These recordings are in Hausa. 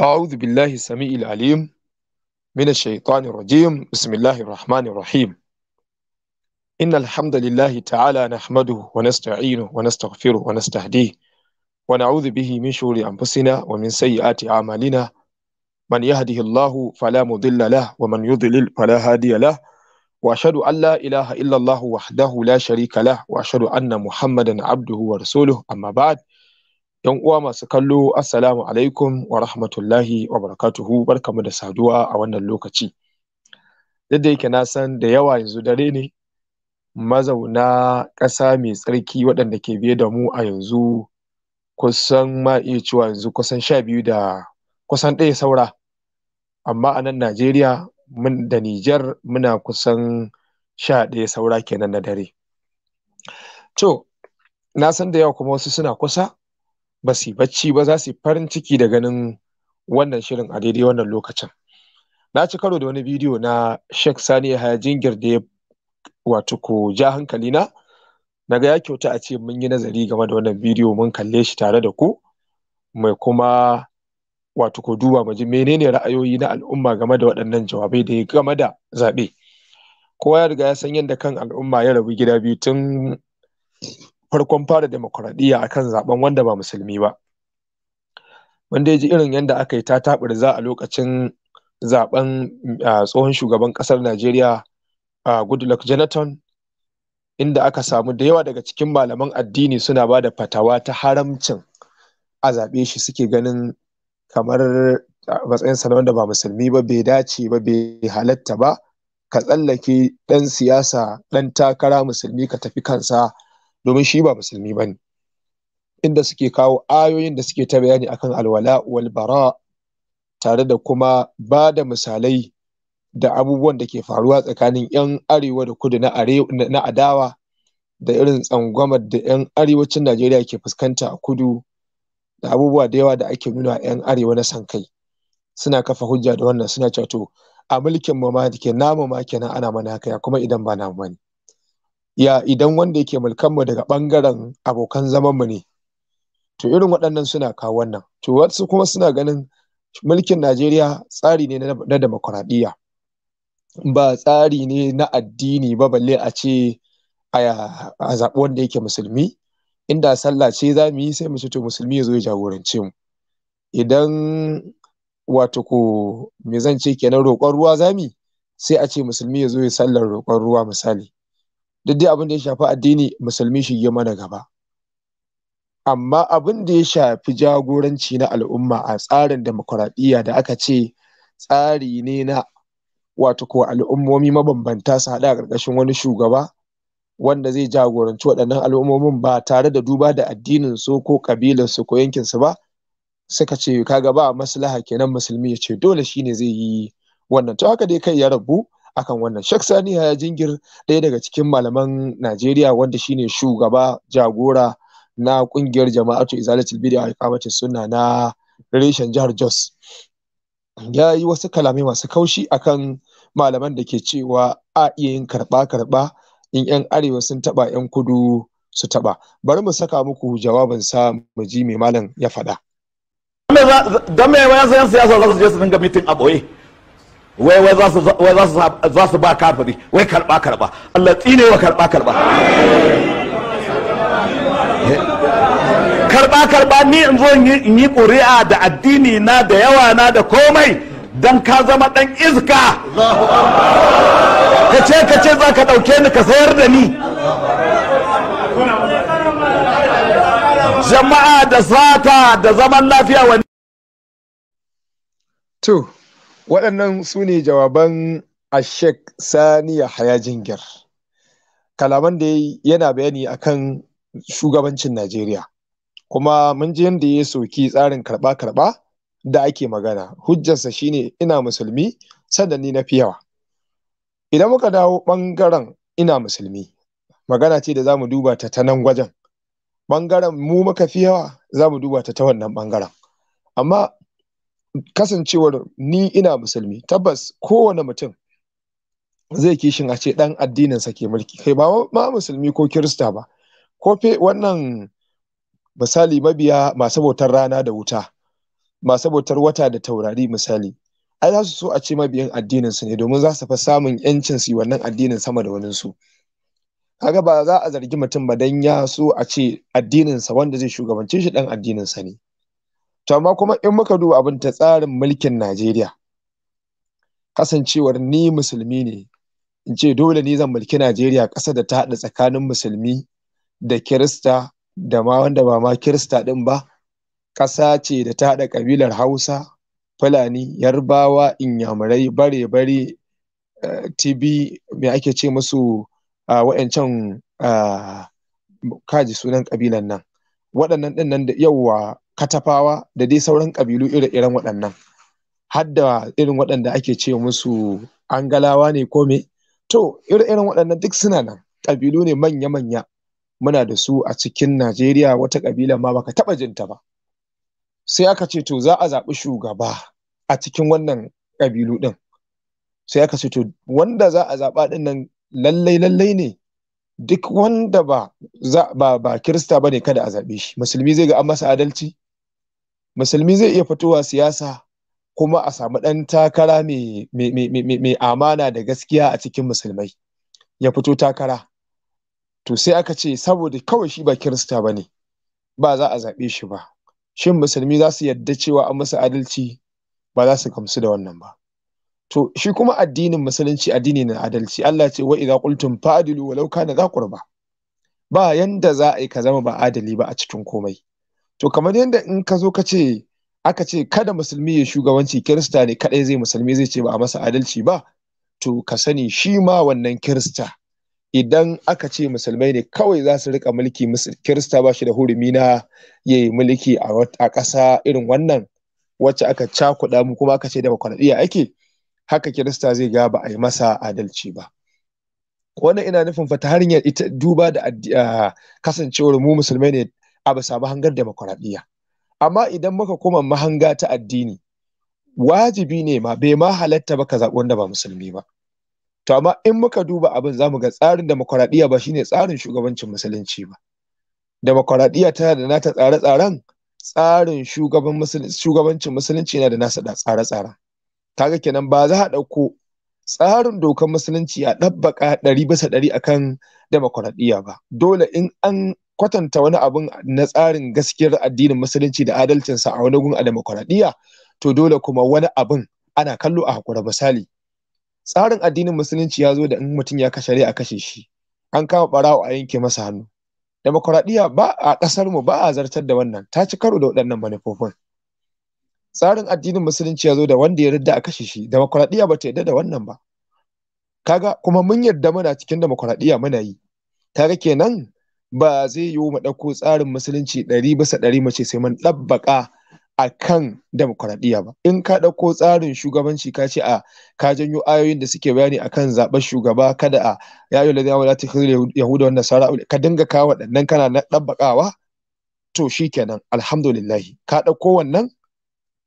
أعوذ بالله السميع العليم من الشيطان الرجيم بسم الله الرحمن الرحيم إن الحمد لله تعالى نحمده ونستعينه ونستغفره ونستهديه ونعوذ به من شرور أنفسنا ومن سيئات أعمالنا من يهده الله فلا مضل له ومن يضلل فلا هادي له وأشهد أن لا إله إلا الله وحده لا شريك له وأشهد أن محمدا عبده ورسوله أما بعد Yan uwa masu kallo Assalamu alaikum wa rahmatullahi wa barakatuhu barkamu da saduwa a wannan lokaci. Yadda yake na san da yawa yanzu dare ne mazauna ƙasa mai tsarki waɗanda ke biye da mu a yanzu kusan ma iya cewa yanzu kusan sha biyu da kusan ɗaya saura. Amma a nan Najeriya da Nijar muna kusan sha ɗaya saura kenan na dare. To, na san da yawa kuma wasu suna kusa ba su bacci ba za su yi farin ciki da ganin wannan shirin a daidai wannan lokacin na ci karo da wani bidiyo na Sheikh Sani Yahaya Jingir da ya wato ko ja hankali na naga ya kyauta a ce mun yi nazari game da wannan bidiyo mun kalle shi tare da ku mai kuma wato ko duba mu menene ra'ayoyi na al'umma game da waɗannan jawabai da ya game da zaɓe kowa ya riga ya san yadda kan al'umma ya rabu gida biyu tun farkon fara demokuraɗiyya kan zaɓen wanda ba musulmi ba wanda ya ji irin yadda aka yi ta za a lokacin zaben tsohon shugaban ƙasar najeriya a goodluck jonathan inda aka samu da yawa daga cikin malaman addini suna ba da fatawa ta haramcin a zaɓe shi suke ganin kamar matsayinsa na wanda ba musulmi ba bai dace ba bai halatta ba ka tsallake ɗan siyasa ɗan takara musulmi ka tafi kansa domin shi ba musulmi ba ne inda suke kawo ayoyin da suke ta bayani akan alwala wal bara tare da kuma ba da misalai da abubuwan da ke faruwa tsakanin 'yan arewa da kudu na adawa da irin tsangwamar da 'yan arewacin najeriya ke fuskanta a kudu da abubuwa da yawa da ake nuna 'yan arewa na san kai suna kafa hujja da wannan suna cewa to a mulkin mu ma ke namu ma kenan ana mana haka ya kuma idan ba namu bane ya idan wanda yake mulkan mu daga bangaren abokan zaman mu ne to irin waɗannan suna kawo wannan to wasu kuma suna ganin mulkin Najeriya tsari ne na demokuraɗiyya ba tsari ne na addini ba balle a ce a zaɓi wanda yake musulmi inda sallah ce za mu yi sai mu to musulmi ya zo ya jagorance mu idan wato ko me zan ce kenan roƙon ruwa za mu sai a ce musulmi ya zo ya sallar roƙon ruwa misali duk dai abin da ya shafi addini musulmi shi yi mana gaba amma abin da ya shafi jagoranci na al'umma a tsarin demokuraɗiyya da aka ce tsari ne na wato ko al'ummomi mabambanta su haɗa a ƙarƙashin wani shugaba wanda zai jagoranci waɗannan al'ummomin ba tare da duba da addinin su ko ƙabilar su ko yankin su ba suka ce kaga ba maslaha kenan musulmi ya ce dole shine zai yi wannan to haka dai kai ya rabu akan wannan Sheikh Sani ya jingir ɗaya daga cikin malaman Najeriya wanda shine shugaba jagora na kungiyar jama'atu izalatul bid'a a iqamatus sunna na reshen jihar Jos ya yi wasu kalamai masu kaushi akan malaman da ke cewa a iya yin karba karba in yan arewa sun taba yan kudu su taba bari mu saka muku jawabin sa mu ji mai malam ya faɗa. don me wayan siyasa za su je su dinga mitin a ɓoye wai wai za su ba kafari. wai karba karba Allah tsine wa karba karba karba karba ni in zo in yi ƙuri'a da addini na da yawa na da komai dan ka zama dan iska ka ce ka ce za ka ɗauke ni ka sayar da ni jama'a da sata da zaman lafiya wani to waɗannan su ne jawaban a ashek sani yahaya jingir kalaman da yana bayani akan shugabancin najeriya kuma mun ji yadda ya soki tsarin karɓa-karɓa da ake magana hujjarsa shine ina musulmi sannan ni na fi yawa idan muka dawo ɓangaren ina musulmi magana ce da za mu duba ta nan wajen ɓangaren mu muka fi yawa za mu duba ta ta wannan ɓangaren amma kasancewar ni ina musulmi tabbas kowane mutum zai kishin a ce dan addininsa ke mulki kai ba ma musulmi ko kirista ba ko fe wannan misali mabiya masu bautar rana da wuta masu bautar wata da taurari misali ai za su so a ce mabiyan addinin su ne domin za su fa samun yancin su wannan addinin sama da wani su kaga ba za a zargi mutum ba dan ya so a ce addinin sa wanda zai shugabance shi dan addinin sa ne to amma kuma in muka duba abin ta tsarin mulkin Najeriya kasancewar ni musulmi ne in ce dole ne zan mulki Najeriya ƙasa da ta haɗa tsakanin musulmi da kirista da ma wanda ba ma kirista ɗin ba ƙasa ce da ta haɗa ƙabilar Hausa Fulani Yarbawa Inyamurai bare-bare eh, tibi me ake ce musu ah, wa'ancan ah, kaji sunan ƙabilan nan waɗannan ɗin nan da yawa katafawa da dai sauran ƙabilu ire-iren waɗannan hadda irin waɗanda ake ce musu angalawa ne ko me to ire-iren waɗannan duk suna nan ƙabilu ne manya-manya muna da su a cikin najeriya wata ƙabila ma baka taɓa jinta ba sai aka ce to za a zaɓi shugaba a cikin wannan ƙabilu ɗin sai aka ce to wanda za a zaɓa ɗin nan lallai lallai ne duk wanda ba ba, ba kirista bane kada a zaɓe shi musulmi zai ga an masa adalci musulmi zai iya fitowa siyasa kuma a samu ɗan takara mai amana da gaskiya a cikin musulmai ya fito takara to sai aka ce saboda kawai shi ba kirista ba ne ba za a zaɓe shi ba shin musulmi za su yadda cewa an masa adalci ba za su gamsu da wannan ba to shi kuma addinin musulunci addini na adalci Allah ce wa idza qultum fa'dilu walau kana za qurba ba yanda za a yi ka zama ba adali ba a cikin komai to kamar yadda in ka zo ka ce aka ce kada musulmi ya shugabanci kirista ne kadai zai musulmi zai ce ba a masa adalci ba to ka sani shi ma wannan kirista idan aka ce musulmai ne kawai za su rika mulki kirista ba shi da hurumi na ya yi mulki a ƙasa irin wannan wacce aka cakuɗa mu kuma aka ce demokuraɗiyya ake haka kirista zai ga ba a yi masa adalci ba wannan ina nufin fata har hanyar ita duba da ah, kasancewar mu musulmai ne a bisa mahangar demokuraɗiyya amma idan muka koma mahanga ta addini wajibi ne ma bai ma halatta ba ka zaɓi wanda ba musulmi ba to amma in muka duba abin za mu ga tsarin demokuraɗiyya ba shine tsarin shugabancin musulunci ba demokuraɗiyya tana da nata tsare-tsaren tsarin shugabancin musulunci yana da nasa tsare-tsaren kaga kenan ba za a ɗauko tsarin dokar musulunci a ɗabbaka ɗari bisa ɗari akan demokuraɗiyya ba dole in an kwatanta wani abin na tsarin gaskiyar addinin musulunci da adalcinsa a wani gun a demokuraɗiyya to dole kuma wani abin ana kallo a hakura misali tsarin addinin musulunci ya zo da in mutum ya kashe a kashe shi an kama barawo a yanke masa hannu demokuraɗiyya ba a ƙasar mu ba a zartar da wannan ta ci karo da waɗannan manufofin tsarin addinin musulunci ya zo da wanda ya yarda a kashe shi demokuraɗiyya ba ta yarda da wannan ba kaga kuma mun yarda muna cikin demokuraɗiyya muna yi kaga kenan ba zai yiwu mu ɗauko tsarin musulunci ɗari bisa ɗari mace sai mun ɗabbaƙa a kan demokuraɗiyya ba in ka ɗauko tsarin shugabanci ka ce a ka janyo ayoyin da suke bayani a kan zaɓen shugaba kada a ya yi lalata ta yahuda wanda sara ka dinga ka waɗannan kana na ɗabbaƙawa to shikenan alhamdulillahi ka ɗauko wannan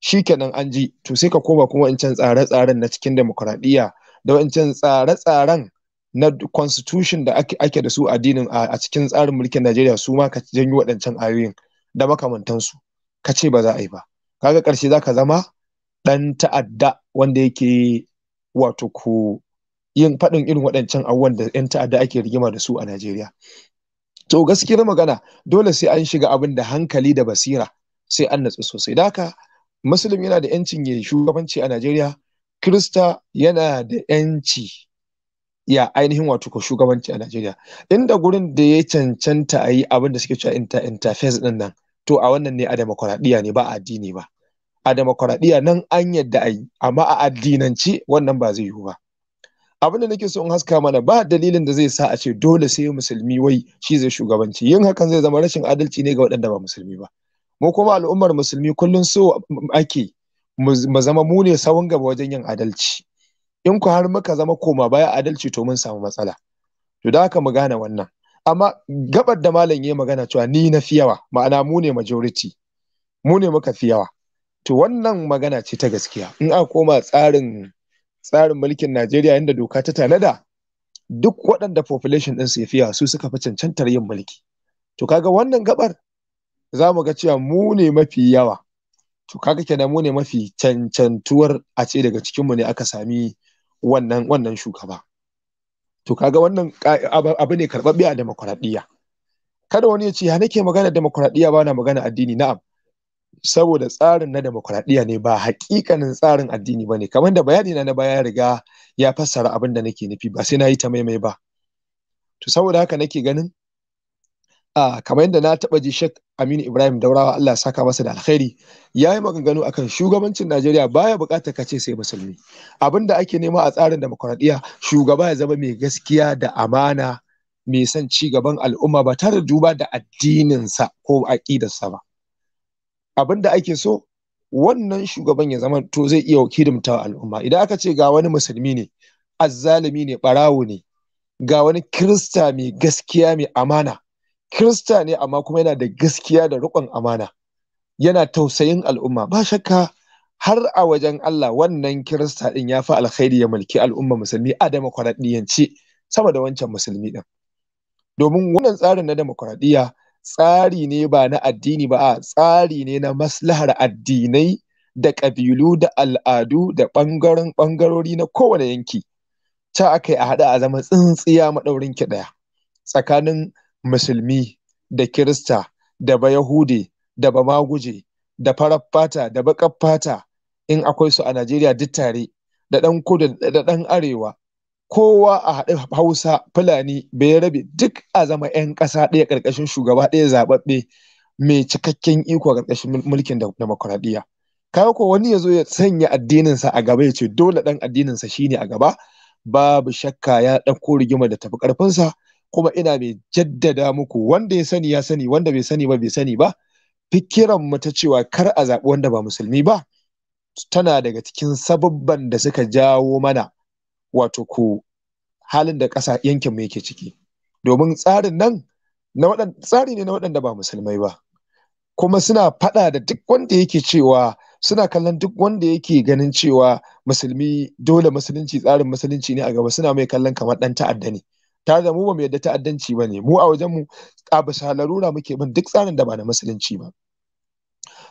shikenan an ji to sai ka koma kuma in can tsare-tsaren na cikin demokuraɗiyya da wancan tsare-tsaren na constitution da ake da su addinin a cikin tsarin mulkin Najeriya su ma ka janyo waɗancan ayoyin da makamantansu ka ce ba za a yi ba kaga ƙarshe za ka zama ɗan ta'adda wanda yake wato ko yin faɗin irin waɗancan abubuwan da 'yan ta'adda ake rigima da su a Najeriya. To gaskiyar magana dole sai an shiga abin da hankali da basira sai an natsu sosai. Da haka Musulun yana da 'yancin ya shugabanci a Najeriya, Kirista yana da 'yanci ya ainihin wato ko shugabanci a Najeriya inda gurin da ya cancanta a yi abin da suke cewa interface din nan to a wannan ne a demokuraɗiyya ne ba a addini ba a demokuraɗiyya nan an yadda a yi amma a addinanci wannan ba zai yiwu ba abin da nake so in haska mana ba dalilin da zai sa a ce dole sai musulmi wai shi zai shugabanci yin hakan zai zama rashin adalci ne ga waɗanda ba musulmi ba mu kuma al'ummar musulmi kullum so ake mu zama mu ne sawun gaba wajen yin adalci in ku har muka zama koma baya adalci to mun samu matsala to da haka mu gane wannan amma gabar da malam ya magana cewa ni na fi yawa ma'ana mu ne majority mu ne muka fi yawa to wannan magana ce ta gaskiya in a koma tsarin tsarin mulkin Najeriya inda doka ta tanada duk waɗanda population su ya fi su suka fi cancantar yin mulki to kaga wannan gabar za mu ga cewa mu ne mafi yawa to kaga kenan mu ne mafi cancantuwar a ce daga cikinmu ne aka sami wannan wannan shugaba to kaga wannan abu ne karɓaɓɓe a demokuraɗiyya kada wani ya ce ya nake magana demokuraɗiyya ba na magana addini na'am saboda tsarin na demokuraɗiyya ne ba hakikanin tsarin addini ba ne kamar da bayani na na ya riga ya fassara abin da nake nufi ba sai na yi ta maimai ba to saboda haka nake ganin a kamar yadda na taɓa ji shek Aminu Ibrahim Daurawa Allah saka masa da alkhairi ya yi maganganu akan shugabancin Najeriya baya bukatar kace sai musulmi abinda ake nema a tsarin demokradiyya shugaba ya zama mai gaskiya da amana mai son ci gaban al'umma ba tare da duba da addininsa ko aƙidarsa ba abinda ake so wannan shugaban ya zama to zai iya hidimta al'umma idan aka ce ga wani musulmi ne azzalimi ne barawo ne ga wani kirista mai gaskiya mai amana Kirista ne amma kuma yana da gaskiya da riƙon amana. Yana tausayin al'umma ba shakka har a wajen Allah wannan Kirista ɗin ya fi alkhairi ya mulki al'umma musulmi a demokuraɗiyyance sama da wancan musulmi ɗin. Domin wannan tsarin na demokuraɗiyya tsari ne ba na addini ba a tsari ne na maslahar addinai da ƙabilu da al'adu da ɓangaren ɓangarori na kowane yanki ta aka yi a haɗa a zama tsintsiya maɗaurin ki ɗaya tsakanin musulmi da kirista da yahudi da bamaguje da farar fata da Bakar fata in akwai su a najeriya duk tare da ɗan kudu da ɗan arewa kowa a haɗe hausa fulani bai rabe duk a zama 'yan ƙasa ɗaya ƙarƙashin shugaba ɗaya zaɓaɓɓe mai cikakken iko ƙarƙashin mulkin demokuraɗiyya kaga ko wani ya zo ya sanya addininsa a gaba ya ce dole ɗan addininsa shine a gaba babu shakka ya ɗauko rigima da tafi ƙarfinsa kuma ina mai jaddada muku wanda ya sani ya sani wanda bai sani ba bai sani ba fikiran mu ta cewa kar a zaɓi wanda ba musulmi ba tana daga cikin sababban da suka jawo mana wato ku halin da ƙasa yankin mu yake ciki domin tsarin nan na tsari ne na waɗanda ba musulmai ba kuma suna faɗa da duk wanda yake cewa suna kallon duk wanda yake ganin cewa musulmi dole musulunci tsarin musulunci ne a gaba suna mai kallon kamar ɗan ta'adda ne ta da ba mu yadda ta'addanci ba ne mu a wajen mu a bisa larura muke bin duk tsarin da ba na musulunci ba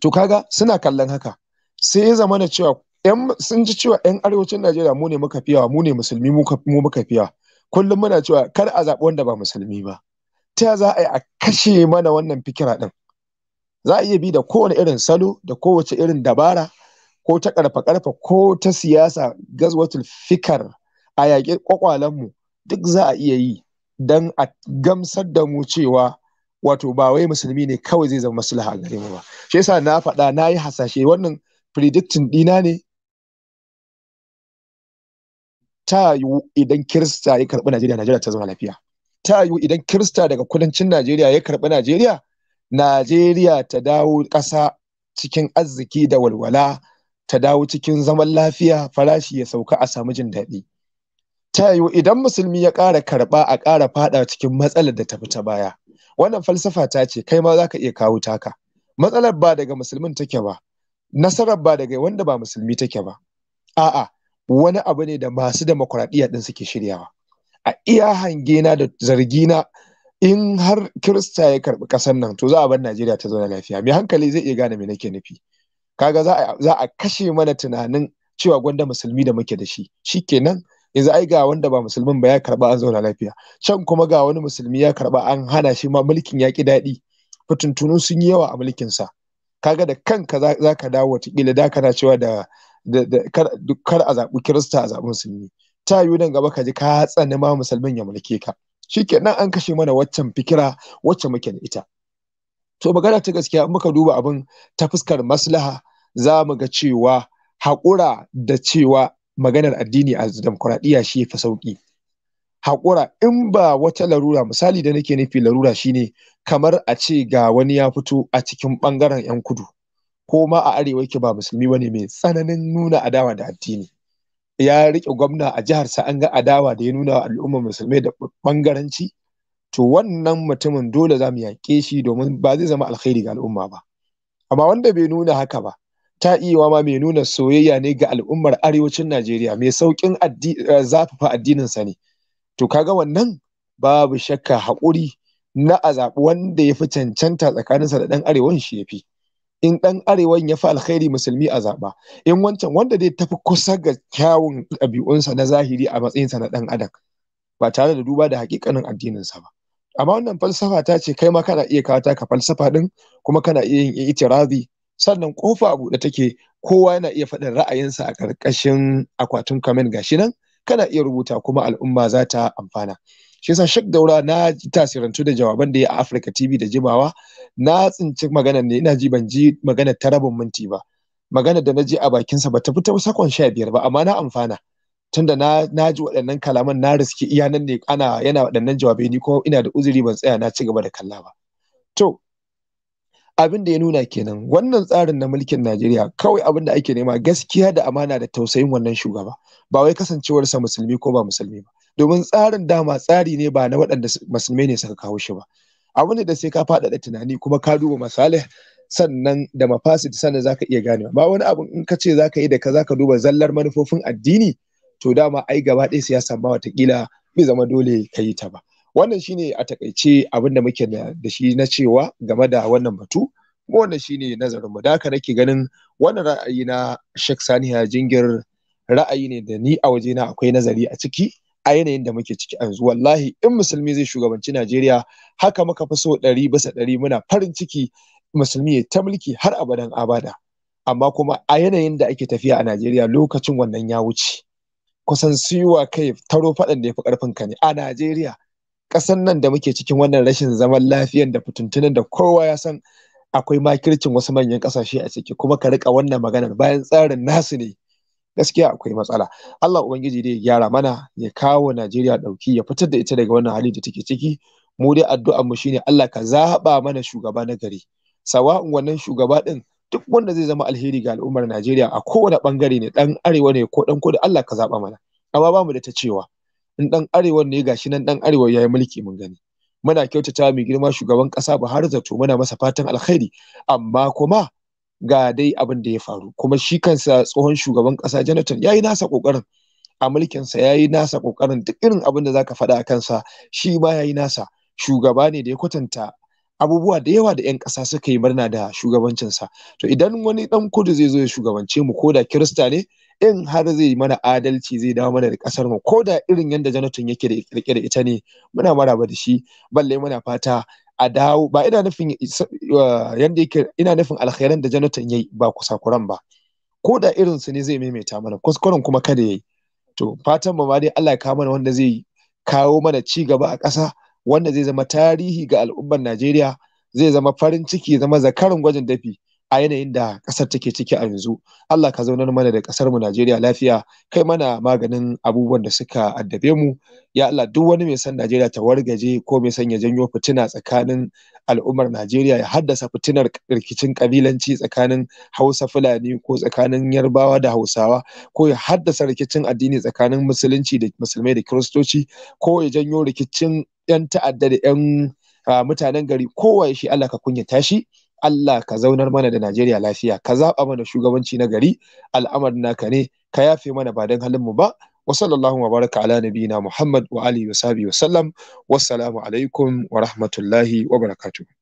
to kaga suna kallon haka sai ya zama na cewa yan sun ji cewa yan arewacin Najeriya mu ne muka fiyawa mu ne musulmi mu muka fiyawa kullum muna cewa kar a zaɓi wanda ba musulmi ba ta za a yi a kashe mana wannan fikira din za a iya bi da kowane irin salo da kowace irin dabara ko ta karfa karfa ko ta siyasa gazwatul fikar a yaƙi mu. duk za a iya yi don a gamsar da mu cewa wato ba wai musulmi ne kawai zai zama maslaha gare mu ba shi yasa na faɗa na yi hasashe wannan predicting dina ne ta yiwu idan kirista ya karɓi najeriya najeriya ta zama lafiya ta yiwu idan kirista daga kudancin najeriya ya karɓi najeriya najeriya ta dawo ƙasa cikin arziki da walwala ta dawo cikin zaman lafiya farashi ya sauka a samu jin daɗi ta yiwu idan musulmi ya ƙara karɓa a ƙara faɗa cikin matsalar da ta fi ta baya wannan falsafa ta ce kai ma za ka iya kawo taka matsalar ba daga musulmin take ba nasarar ba daga wanda ba musulmi take ba a'a wani abu ne da masu demokuraɗiyya ɗin suke shiryawa a iya hangena da zargina in har kirista ya karɓi ƙasar nan to za a bar najeriya ta zauna lafiya mai hankali zai iya gane me nake nufi kaga za a kashe mana tunanin cewa gwanda musulmi da muke da shi shi shikenan yanzu ai ga wanda ba musulmin ba ya karba an zauna lafiya can kuma ga wani musulmi ya karba an hana shi ma mulkin ya ki daɗi fitintunu sun yi yawa a mulkin sa kaga da kanka za ka dawo wata da kana cewa da kar a zaɓi kirista a zaɓi musulmi ta yi nan gaba ka ji ka tsani ma musulmin ya mulke ka shikenan an kashe mana waccan fikira wacce muke da ita to magana ta gaskiya in muka duba abin ta fuskar maslaha za mu ga cewa haƙura da cewa maganar addini a demokuraɗiyya shi fi sauƙi haƙura in ba wata larura misali da nake nufi larura shine kamar a ce ga wani ya fito a cikin ɓangaren 'yan kudu ko ma a arewa yake ba musulmi bane mai tsananin nuna adawa da addini ya riƙe gwamna a jiharsa an ga adawa da ya nuna wa al'ummar musulmai da ɓangaranci to wannan mutumin dole za mu yaƙe shi domin ba zai zama alkhairi ga al'umma ba amma wanda bai nuna haka ba ta iya ma mai nuna soyayya ne ga al'ummar arewacin Najeriya mai saukin eh, zafafa addininsa ne. To kaga wannan babu shakka haƙuri na a zaɓi wanda ya fi cancanta tsakaninsa da ɗan arewan shi ya fi. In ɗan arewan ya fi alkhairi musulmi a zaɓa, in wancan wanda dai tafi kusa ga kyawun ɗabi'unsa na zahiri a matsayinsa na ɗan adam ba tare da duba da haƙiƙanin addininsa ba. amma wannan falsafa ta ce kai ma kana iya kawo taka falsafa ɗin kuma kana iya yin itirazi sannan kofa a buɗe take kowa yana iya faɗin ra'ayinsa a ƙarƙashin akwatin comment gashi nan kana iya rubuta kuma al'umma za ta amfana shi yasa shak daura na tasirantu da jawaban da ya a Africa TV da jimawa na tsinci maganar ne ina ji ban ji maganar ta rabin minti ba maganar da na ji a bakinsa ba ta fita sakon sha biyar ba amma na amfana tunda na na ji waɗannan kalaman na riski iya nan ne ana yana waɗannan jawabai ni kuma ina da uzuri ban tsaya na ci gaba da kalla ba abin da ya nuna kenan wannan tsarin na mulkin Najeriya kawai abin da ake nema gaskiya da amana da tausayin wannan shugaba ba wai kasancewarsa musulmi ko ba musulmi ba domin tsarin dama tsari ne ba na waɗanda musulmai ne suka kawo shi ba abu ne da sai ka faɗaɗa tunani kuma ka duba masalih sannan da mafasid sannan zaka iya ganewa ba wani abu in ka ce zaka yi da ka zaka duba zallar manufofin addini to dama ai gaba ɗaya siyasa ba watakila bai zama dole ka yi ta ba wannan shine a takaice abin da muke da shi na cewa game da wannan batu kuma wannan shine nazarin mu da haka nake ganin wannan ra'ayi na Sheikh Saniya Jingir ra'ayi ne da ni a wajena akwai nazari a ciki a yanayin da muke ciki yanzu wallahi in musulmi zai shugabanci Najeriya haka muka fi so ɗari bisa ɗari muna farin ciki musulmi ya ta mulki har abadan abada amma kuma a yanayin da ake tafiya a Najeriya lokacin wannan ya wuce kusan siwa kai taro faɗan da ya fi ƙarfin ka ne a Najeriya ƙasan nan da muke cikin wannan rashin zaman lafiyan da fituntunan da kowa ya san akwai makircin wasu manyan ƙasashe a ciki kuma ka rika wannan maganar bayan tsarin nasu ne gaskiya akwai matsala Allah ubangiji dai ya gyara mana ya kawo Najeriya ɗauki, ya fitar da ita daga wannan hali da take ciki mu dai addu'ar mu shine Allah ka zaɓa mana shugaba na gari sawa'un wannan shugaba din duk wanda zai zama alheri ga al'ummar Najeriya a kowane bangare ne dan arewa ne ko dan kudu Allah ka zaɓa mana amma ba mu da ta cewa in dan arewa ne gashi nan dan arewa yayi mulki mun gani muna kyautata mai girma shugaban kasa Buhari zato muna masa fatan alkhairi amma kuma ga dai abin da ya faru kuma shi kansa tsohon shugaban kasa Jonathan yayi nasa kokarin a mulkin mulkinsa yayi nasa kokarin duk irin abin da zaka faɗa akan sa shi ma yayi nasa shugaba ne da ya kwatanta abubuwa da yawa da 'yan ƙasa suka yi murna da shugabancinsa to idan wani ɗan kudu zai zo ya shugabance mu ko da kirista ne in har zai mana adalci zai dawo mana da kasar mu ko da irin yadda janatun yake da kirkire da ita ne muna maraba da shi balle muna fata a dawo ba ina nufin yadda yake ina nufin alkhairan da janatun yayi ba kusakuran ba ko da irin su ne zai maimaita mana kuskuren kuma kada yayi to fatan mu ma dai Allah ya kawo mana wanda zai kawo mana ci gaba a ƙasa wanda zai zama tarihi ga al'ummar Najeriya zai zama farin ciki zama zakarin gwajin dafi a yanayin da ƙasar take ciki a yanzu Allah ka zaunar mana da ƙasar mu Najeriya lafiya kai mana maganin abubuwan da suka addabe mu ya Allah duk wani mai san Najeriya ta wargaje ko mai san ya janyo fitina tsakanin al'ummar Najeriya ya haddasa fitinar rikicin kabilanci tsakanin Hausa Fulani ko tsakanin Yarbawa da Hausawa ko ya haddasa rikicin addini tsakanin musulunci da musulmai da kiristoci ko ya janyo rikicin 'yan ta'adda da 'yan ah, mutanen gari kowa shi Allah ka kunyata tashi. Allah ka zaunar mana da Najeriya lafiya ka zaɓa mana shugabanci na gari al'amarin naka ne ka yafe mana ba don halin mu ba wa sallallahu wa baraka ala nabiyina Muhammad wa alihi wa sahbihi wa sallam wassalamu alaikum wa rahmatullahi wa barakatuh